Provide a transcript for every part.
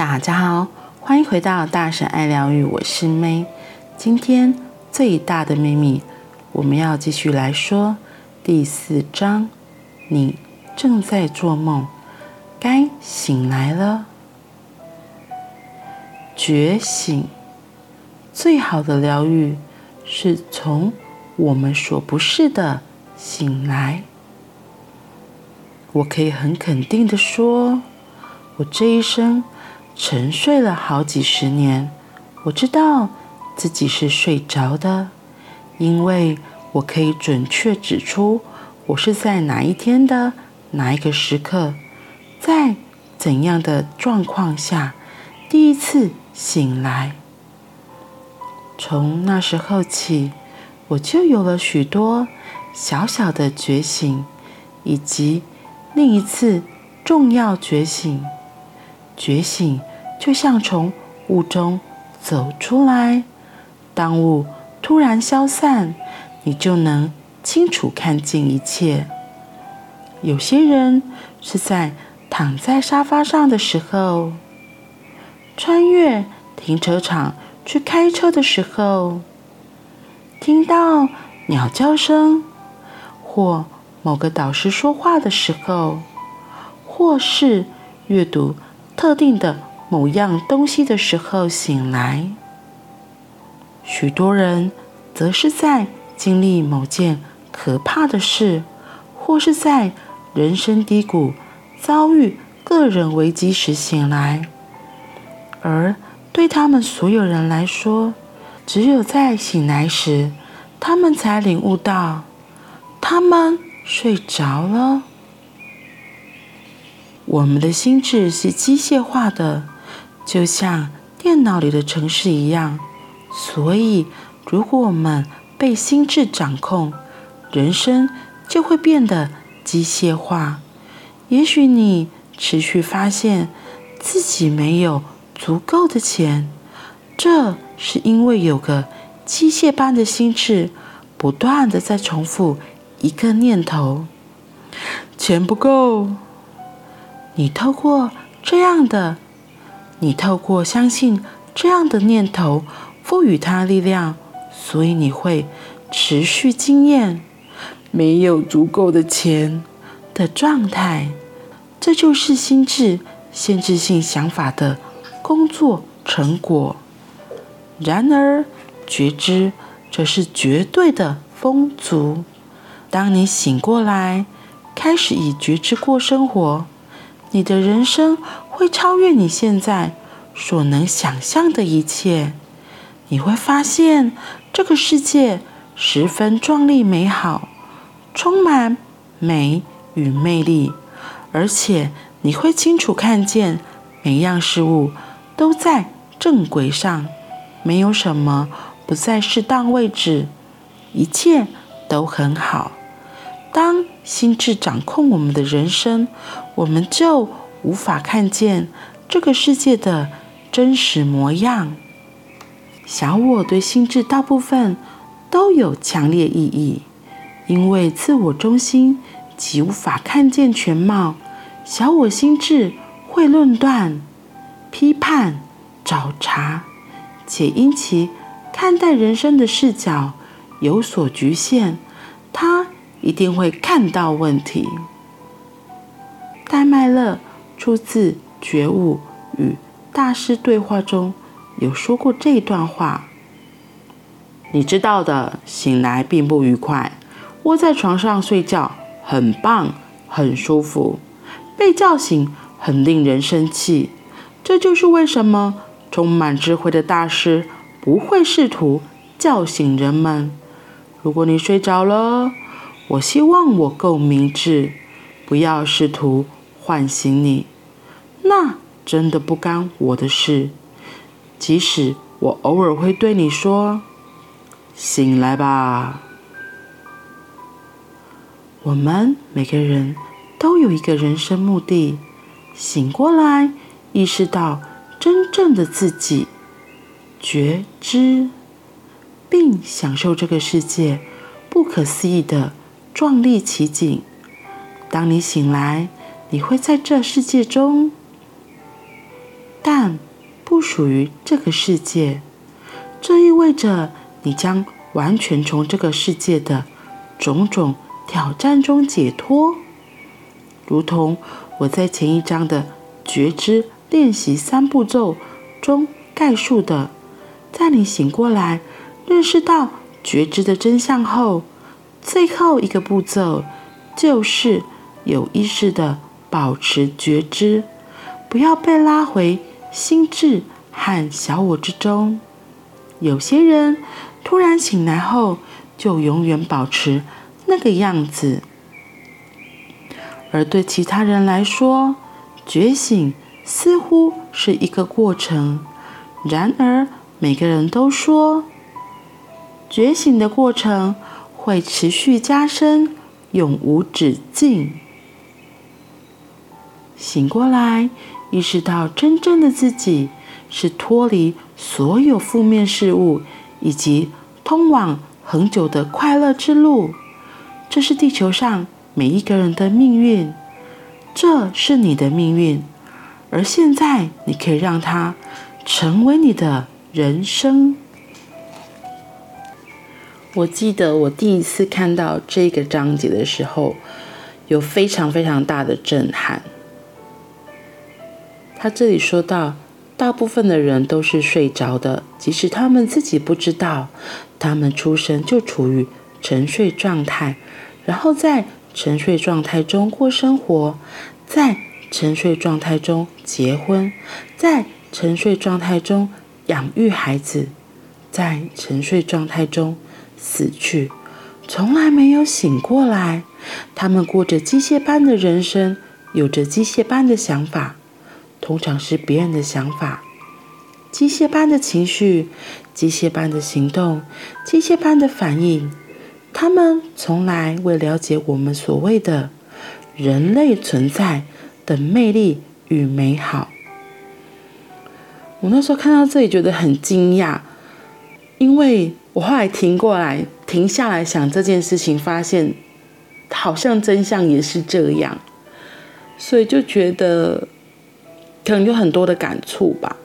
大家好，歡迎回到大嬸愛療癒，我是 May。今天最大的秘密，我們要繼續來說第四章：你正在做夢，該醒來了。覺醒，最好的療癒是從我們所不是的醒來。我可以很肯定的說，我這一生，沉睡了好幾十年，我知道自己是睡着的，因為我可以準確指出我是在哪一天的哪一個時刻，在怎樣的狀況下第一次醒來。從那時候起，我就有了許多小小的覺醒，以及另一次重要覺醒。覺醒。就像從霧中走出來，當霧突然消散，你就能清楚看見一切。有些人是在躺在沙發上的時候，穿越停車場去開車的時候，聽到鳥叫聲，或某個導師說話的時候，或是閱讀特定的。某樣東西的時候醒來，許多人則是在經歷某件可怕的事，或是在人生低谷、遭遇個人危機時醒來。而對他們所有人來說，只有在醒來時，他們才領悟到他們睡着了。我們的心智是機械化的。就像電腦裡的程式一樣，所以如果我們被心智掌控，人生就會變得機械化。也許你持續發現自己沒有足夠的錢，這是因為有個機械般的心智不斷的在重複一個念頭：錢不夠。你透過這樣的。你透過相信這樣的念頭，賦予它力量，所以你會持續經驗沒有足夠的錢的狀態。這就是心智限制性想法的工作成果。然而，覺知則是絕對的豐足。當你醒過來，開始以覺知過生活。你的人生會超越你現在所能想象的一切，你會發現這個世界十分壯麗美好，充滿美與魅力，而且你會清楚看見每樣事物都在正軌上，沒有什麼不在適當位置，一切都很好。當心智掌控我們的人生，我們就無法看見這個世界的真實模樣。小我對心智大部分都有強烈意義，因為自我中心即無法看見全貌。小我心智會論斷、批判、找茬，且因其看待人生的視角有所局限，它，一定會看到問題。戴麥勒出自《覺悟與大師對話》中，有說過這段話：你知道的，醒來並不愉快。窩在床上睡覺很棒，很舒服。被叫醒很令人生氣。這就是為什麼充滿智慧的大師不會試圖叫醒人們。如果你睡着了。我希望我夠明智，不要試圖喚醒你，那真的不干我的事。即使我偶爾會對你說：“醒來吧。”我們每個人都有一個人生目的：醒過來，意識到真正的自己，覺知，並享受這個世界不可思議的。壯麗奇景，當你醒來，你會在這世界中，但不屬於這個世界。這意味着你將完全從這個世界的種種挑戰中解脫。如同我在前一章的覺知練習三步驟中概述的，在你醒過來，認識到覺知的真相後。最後一個步驟，就是有意識地保持覺知，不要被拉回心智和小我之中。有些人突然醒來後，就永遠保持那個樣子；而對其他人來說，覺醒似乎是一個過程。然而，每個人都說，覺醒的過程。會持續加深，永無止境。醒過來，意識到真正的自己是脫離所有負面事物以及通往恆久的快樂之路。這是地球上每一個人的命運，這是你的命運。而現在，你可以讓它成為你的人生。我記得我第一次看到這個章節的時候，有非常非常大的震撼。他這裡說到，大部分的人都是睡着的，即使他們自己不知道，他們出生就處於沉睡狀態，然後在沉睡狀態中過生活，在沉睡狀態中結婚，在沉睡狀態中養育孩子，在沉睡狀態中。死去，從來沒有醒過來。他們過着機械般的人生，有着機械般的想法，通常是別人的想法，機械般的情緒，機械般的行動，機械般的反應。他們從來未了解我們所謂的人類存在的魅力與美好。我那時候看到這裡覺得很驚訝，因為。我後來停過來，停下來想這件事情，發現好像真相也是這樣，所以就覺得可能有很多的感觸吧。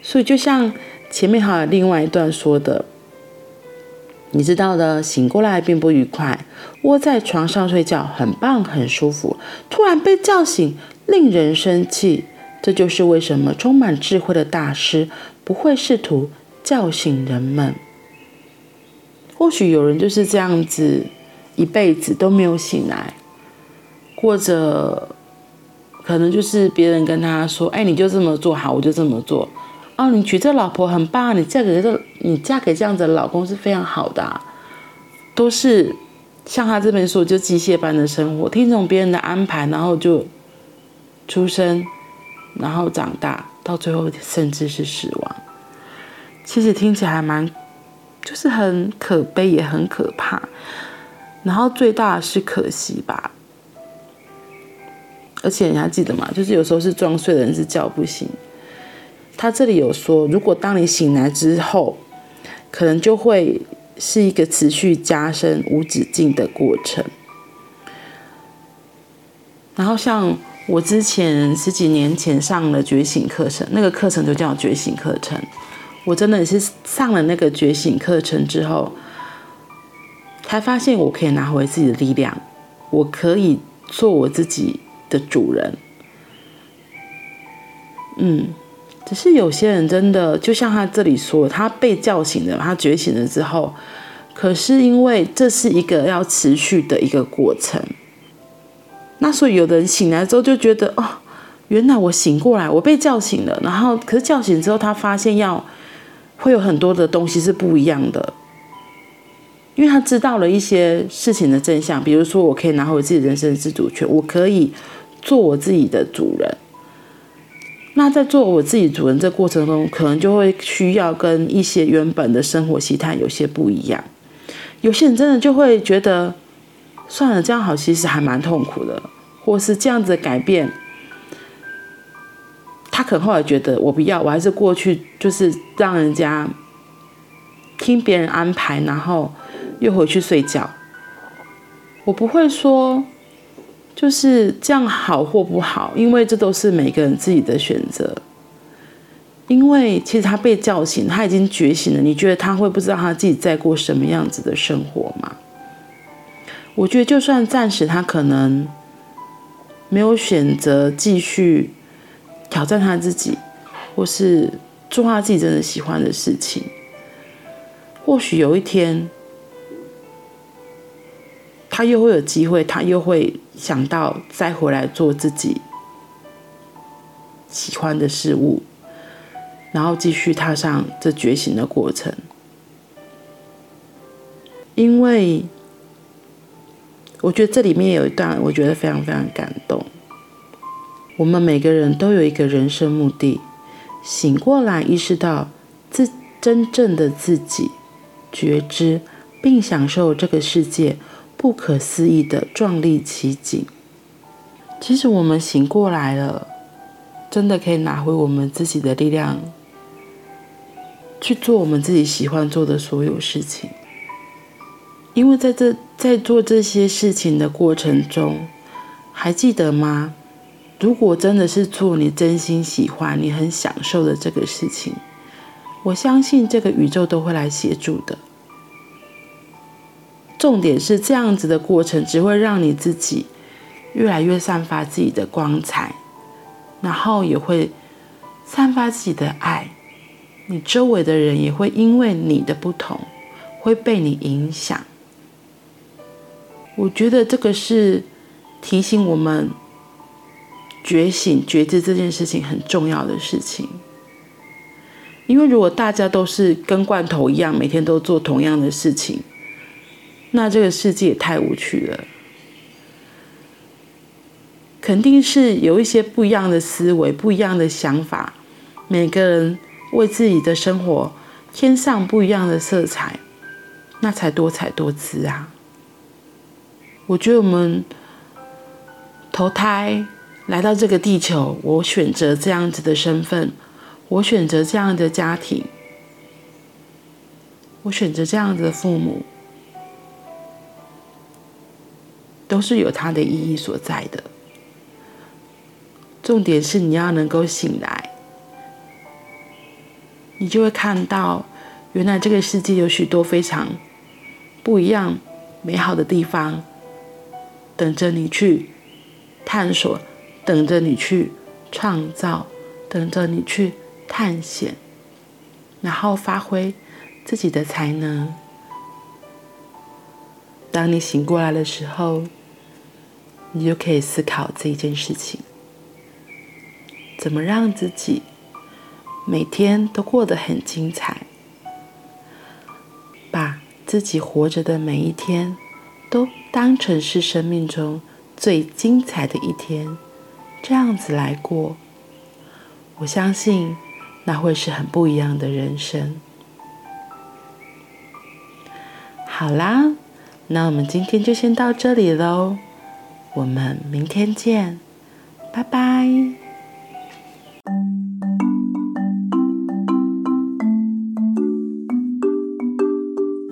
所以就像前面還有另外一段說的，你知道的，醒過來並不愉快，窩在床上睡覺很棒，很舒服，突然被叫醒令人生氣。這就是為什麼充滿智慧的大師不會試圖。叫醒人們，或許有人就是這樣子，一輩子都沒有醒來，或者可能就是別人跟他說：“哎，你就這麼做好，我就這麼做。”哦，你娶這老婆很棒啊，你嫁給這，你嫁給這樣子的老公是非常好的啊。都是像他這邊說，就是機械般的生活，聽從別人的安排，然後就出生，然後長大，到最後甚至是死亡。其實聽起來還蠻，就是很可悲，也很可怕。然後最大的是可惜吧。而且你還記得嗎？就是有時候是裝睡的人是叫不醒。他這裡有說，如果當你醒來之後，可能就會是一個持續加深、無止境的過程。然後像我之前十幾年前上了覺醒課程，那個課程就叫覺醒課程。我真的是上了那個覺醒課程之後，才發現我可以拿回自己的力量，我可以做我自己的主人。嗯，只是有些人真的就像他這裡說，他被叫醒了，他覺醒了之後，可是因為這是一個要持續的一個過程，那所以有的人醒來之後就覺得哦，原來我醒過來，我被叫醒了，然後可是叫醒之後，他發現要。會有很多的東西是不一樣的，因為他知道了一些事情的真相，比如說我可以拿回自己人生的自主權，我可以做我自己的主人。那在做我自己的主人這過程中，可能就會需要跟一些原本的生活習慣有些不一樣。有些人真的就會覺得算了，這樣好其實還蠻痛苦的，或是這樣子的改變。他可能後來覺得我不要，我還是過去，就是讓人家聽別人安排，然後又回去睡覺。我不會說就是這樣好或不好，因為這都是每個人自己的選擇。因為其實他被叫醒，他已經覺醒了。你覺得他會不知道他自己在過什麼樣子的生活嗎？我覺得就算暫時他可能沒有選擇繼續。挑戰他自己，或是做他自己真的喜歡的事情。或許有一天，他又會有機會，他又會想到再回來做自己喜歡的事物，然後繼續踏上這覺醒的過程。因為我覺得這裡面有一段，我覺得非常非常感動。我們每個人都有一個人生目的，醒過來，意識到自真正的自己，覺知，並享受這個世界不可思議的壯麗奇景。其實我們醒過來了，真的可以拿回我們自己的力量，去做我們自己喜歡做的所有事情。因為在這，在做這些事情的過程中，還記得嗎？如果真的是做你真心喜歡，你很享受的這個事情，我相信這個宇宙都會來協助的。重點是這樣子的過程，只會讓你自己越來越散發自己的光彩，然後也會散發自己的愛。你周圍的人也會因為你的不同，會被你影響。我覺得這個是提醒我們。覺醒、覺知這件事情很重要的事情，因為如果大家都是跟罐頭一樣，每天都做同樣的事情，那這個世界也太無趣了。肯定是有一些不一樣的思維、不一樣的想法，每個人為自己的生活添上不一樣的色彩，那才多彩多姿啊！我覺得我們投胎，來到這個地球，我選擇這樣子的身份，我選擇這樣的家庭，我選擇這樣子的父母，都是有它的意義所在的。重點是你要能夠醒來，你就會看到，原來這個世界有許多非常不一樣美好的地方，等着你去探索。等着你去創造，等着你去探險，然後發揮自己的才能。當你醒過來的時候，你就可以思考這一件事情：怎麼讓自己每天都過得很精彩？把自己活着的每一天都當成是生命中最精彩的一天。這樣子來過，我相信那會是很不一樣的人生。好啦，那我們今天就先到這裡嘍。我們明天見，拜拜。